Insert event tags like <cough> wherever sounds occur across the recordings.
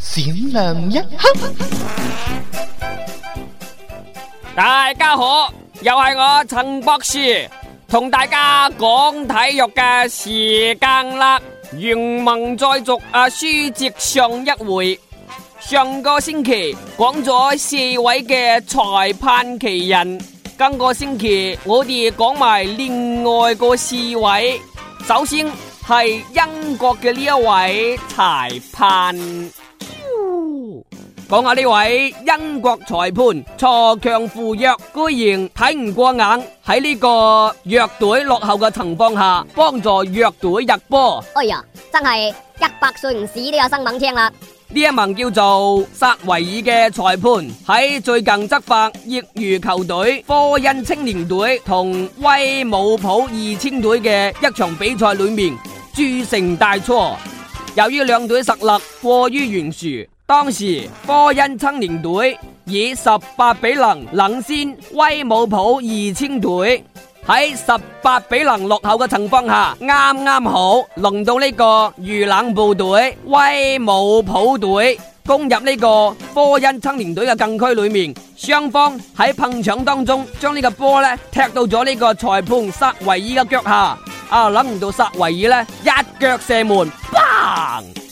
閃亮一刻，大家好，又係我陳博士同大家講體育嘅時間啦。原文再續啊，書接上一回。上個星期講咗四位嘅裁判奇人，今個星期我哋講埋另外個四位。首先係英國嘅呢一位裁判。講下呢位英國裁判，鋤強扶弱，居然睇唔過眼，喺呢個弱隊落後嘅情況下，幫助弱隊入波。哎呀，真係一百歲唔死都有新聞聽啦！呢一名叫做薩維爾嘅裁判喺最近執法業餘球隊科恩青年隊同威武普二千隊嘅一場比賽裏面鑄成大錯，由於兩隊實力過於懸殊。當時科恩青年隊以十八比零領先威武普二千隊，喺十八比零落後嘅情況下，啱啱好輪到呢個遇冷部隊威武普隊攻入呢個科恩青年隊嘅禁區裏面，雙方喺碰撞當中將呢個波呢踢到咗呢個裁判薩維爾嘅腳下，啊諗唔到薩維爾呢一腳射門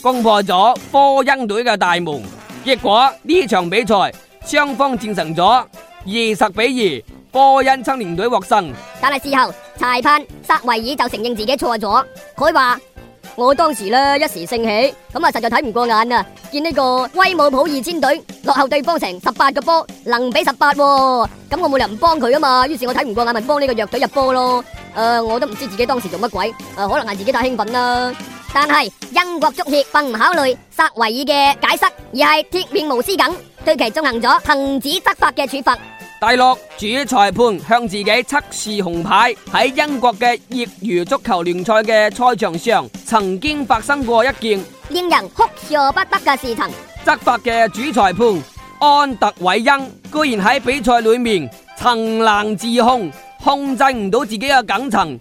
攻破咗科恩隊嘅大門，結果呢場比賽雙方戰成咗二十比二，科恩青年隊獲勝。但係事後裁判薩維爾就承認自己錯咗，佢話：我當時咧一時興起，咁啊實在睇唔過眼啊，見呢個威武普二千隊落後對方成十八個波，能比十八，咁我冇理由唔幫佢啊嘛，於是我睇唔過眼，咪幫呢個弱隊入波咯。誒，我都唔知自己當時做乜鬼，誒，可能係自己太興奮啦。但係英國足協並唔考慮薩維爾嘅解釋，而係鐵面無私咁對其進行咗停止執法嘅處罰。第六，主裁判向自己出示紅牌。喺英國嘅業餘足球聯賽嘅賽場上，曾經發生過一件令人哭笑不得嘅事情。執法嘅主裁判安特韋恩，居然喺比賽裏面層難自控，控制唔到自己嘅緊層。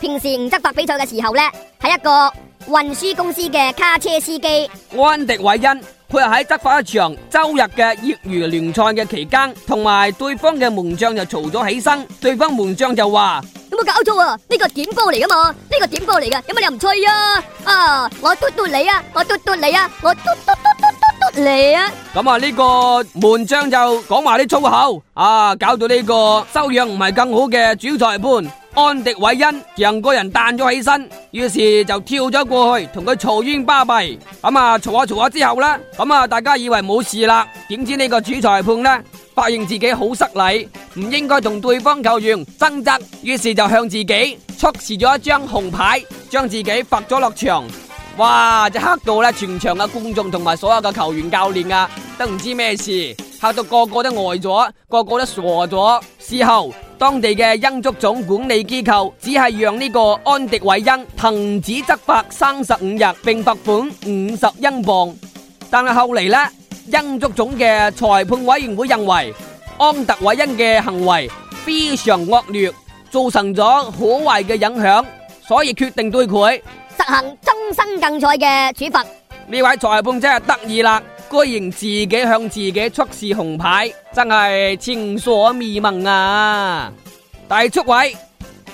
平時唔執法比賽嘅時候咧，係一個運輸公司嘅卡車司機安迪韋恩。佢係喺執法一場周日嘅業餘聯賽嘅期間，同埋對方嘅門將就嘈咗起身。對方門將就話：有冇搞錯啊？呢個點波嚟噶嘛？呢個點波嚟噶？有乜理由唔吹啊？啊！我嘟嘟你啊！我嘟嘟你啊！我嘟嘟嘟嘟嘟嘟你啊！咁啊，呢個門將就講話啲粗口啊，搞到呢個修養唔係更好嘅主裁判。安迪韋恩讓個人彈咗起身，於是就跳咗過去同佢吵冤巴閉。咁、啊、吵下吵下之後、啊、大家以為冇事啦，點知呢個主裁判呢，發現自己好失禮，唔應該同對方球員爭執，於是就向自己出示咗一張紅牌，將自己罰咗落場。哇！即係嚇到咧全場嘅觀眾同埋所有嘅球員教練啊，都唔知咩事，嚇到個個都呆咗，個個都傻咗。事後。當地嘅英足總管理機構只係讓呢個安迪韋恩停止執法三十五日，並罰款五十英鎊。但係後嚟呢，英足總嘅裁判委員會認為安特韋恩嘅行為非常惡劣，造成咗可壞嘅影響，所以決定對佢實行終身禁賽嘅處罰。呢位裁判真係得意啦！居然自己向自己出示紅牌，真係前所未聞啊！第七位，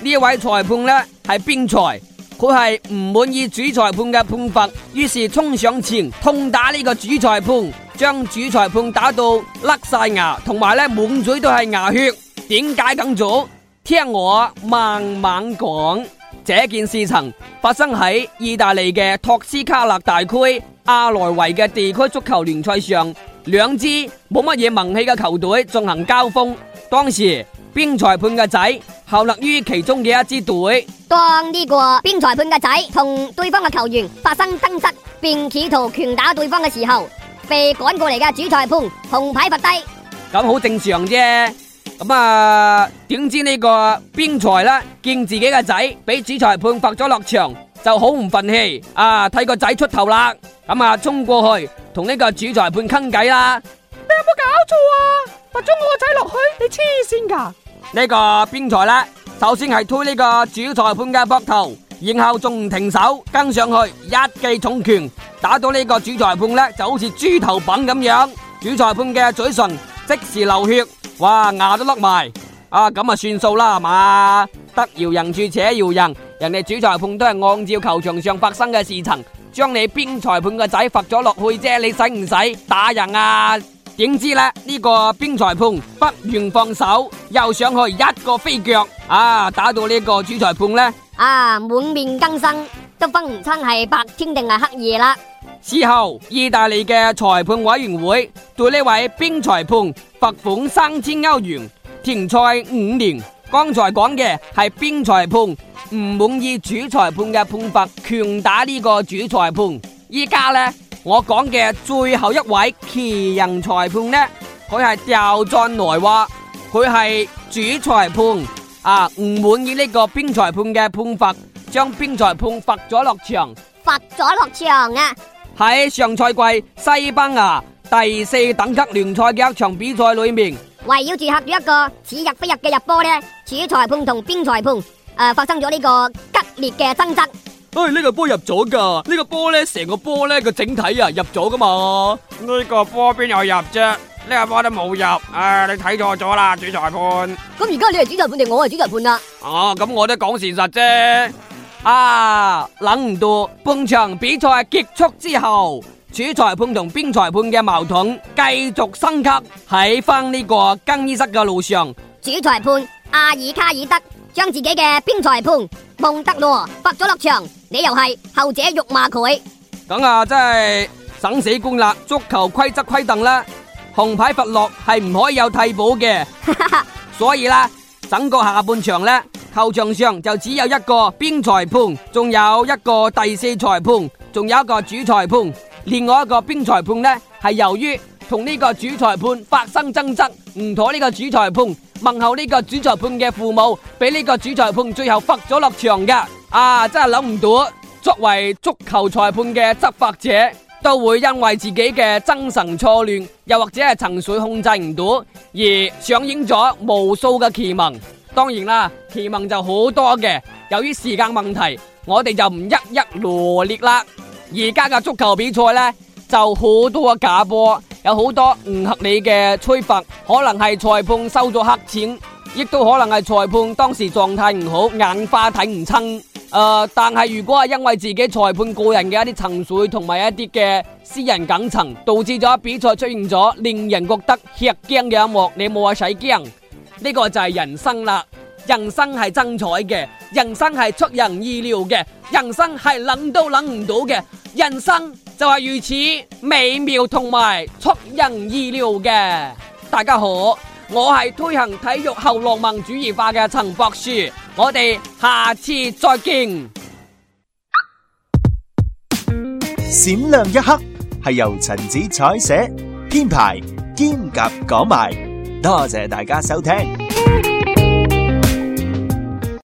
呢位裁判呢係邊裁，佢係唔滿意主裁判嘅判罰，於是衝上前痛打呢個主裁判，將主裁判打到甩晒牙，同埋呢滿嘴都係牙血。點解咁做？聽我慢慢講。這件事情發生喺意大利嘅托斯卡納大區。阿萊維嘅地區足球聯賽上，兩支冇乜嘢名氣嘅球隊進行交鋒。當時邊裁判嘅仔效力於其中嘅一支隊。當呢個邊裁判嘅仔同對方嘅球員發生爭執，並企圖拳打對方嘅時候，被趕過嚟嘅主裁判紅牌罰低。咁好正常啫。咁啊，點知呢個邊裁啦，見自己嘅仔俾主裁判罰咗落場。就好唔忿氣啊！睇個仔出頭啦，咁啊衝過去同呢個主裁判傾偈啦！你有冇搞錯啊？罰咗我個仔落去，你黐線噶？呢個邊裁咧，首先係推呢個主裁判嘅膊頭，然後仲唔停手，跟上去一記重拳打到呢個主裁判咧，就好似豬頭餅咁樣，主裁判嘅嘴唇即時流血，哇牙都甩埋，啊咁啊算數啦，係嘛？得饒人處且饒人。人哋主裁判都係按照球場上發生嘅事情，將你邊裁判個仔罰咗落去啫，你使唔使打人啊？點知咧？呢個邊裁判不願放手，又上去一個飛腳，啊，打到呢個主裁判呢，啊，滿面更生，都分唔清係白天定係黑夜啦。事後，意大利嘅裁判委員會對呢位邊裁判罰款三千歐元，停賽五年。剛才講嘅係邊裁判唔滿意主裁判嘅判罰，拳打呢個主裁判。依家呢，我講嘅最後一位奇人裁判呢，佢係掉轉來話，佢係主裁判啊，唔滿意呢個邊裁判嘅判罰，將邊裁判罰咗落場，罰咗落場啊！喺上賽季西班牙第四等級聯賽嘅一場比賽裏面。圍繞住吓住一個似入非入嘅入波咧，主裁判同邊裁判誒發生咗呢個激烈嘅爭執。哎，呢個波入咗噶，呢個波咧成個波咧個整體啊入咗噶嘛？呢個波邊有入啫？呢個波都冇入。哎，你睇錯咗啦，主裁判。咁而家你係主裁判定我係主裁判啦？哦，咁我都講事實啫。啊，諗唔到半場比賽結束之後。主裁判同邊裁判嘅矛盾繼續升級，喺翻呢個更衣室嘅路上，主裁判阿爾卡爾德將自己嘅邊裁判蒙德羅罰咗落場，你又係後者辱罵佢，咁啊真係省死官啦！足球規則規定啦，紅牌罰落係唔可以有替補嘅， <laughs> 所以啦，整個下半場呢，球場上就只有一個邊裁判，仲有一個第四裁判，仲有一個主裁判。另外一個邊裁判呢，係由於同呢個主裁判發生爭執，唔妥呢個主裁判問候呢個主裁判嘅父母，俾呢個主裁判最後罰咗落場嘅。啊，真係諗唔到，作為足球裁判嘅執法者，都會因為自己嘅精神錯亂，又或者係情緒控制唔到，而上演咗無數嘅奇聞。當然啦，奇聞就好多嘅。由於時間問題，我哋就唔一一羅列啦。而家嘅足球比賽呢，就好多嘅假波，有好多唔合理嘅吹罰，可能係裁判收咗黑錢，亦都可能係裁判當時狀態唔好，眼花睇唔清。誒、呃，但係如果係因為自己裁判個人嘅一啲情緒，同埋一啲嘅私人感情，導致咗比賽出現咗令人覺得吃驚嘅一幕，你冇話使驚。呢個就係人生啦，人生係精彩嘅，人生係出人意料嘅，人生係諗都諗唔到嘅。人生就係如此美妙同埋出人意料嘅。大家好，我係推行體育後浪漫主義化嘅陳博樹，我哋下次再見。閃亮一刻係由陳子彩寫編排兼及講埋，多謝大家收聽。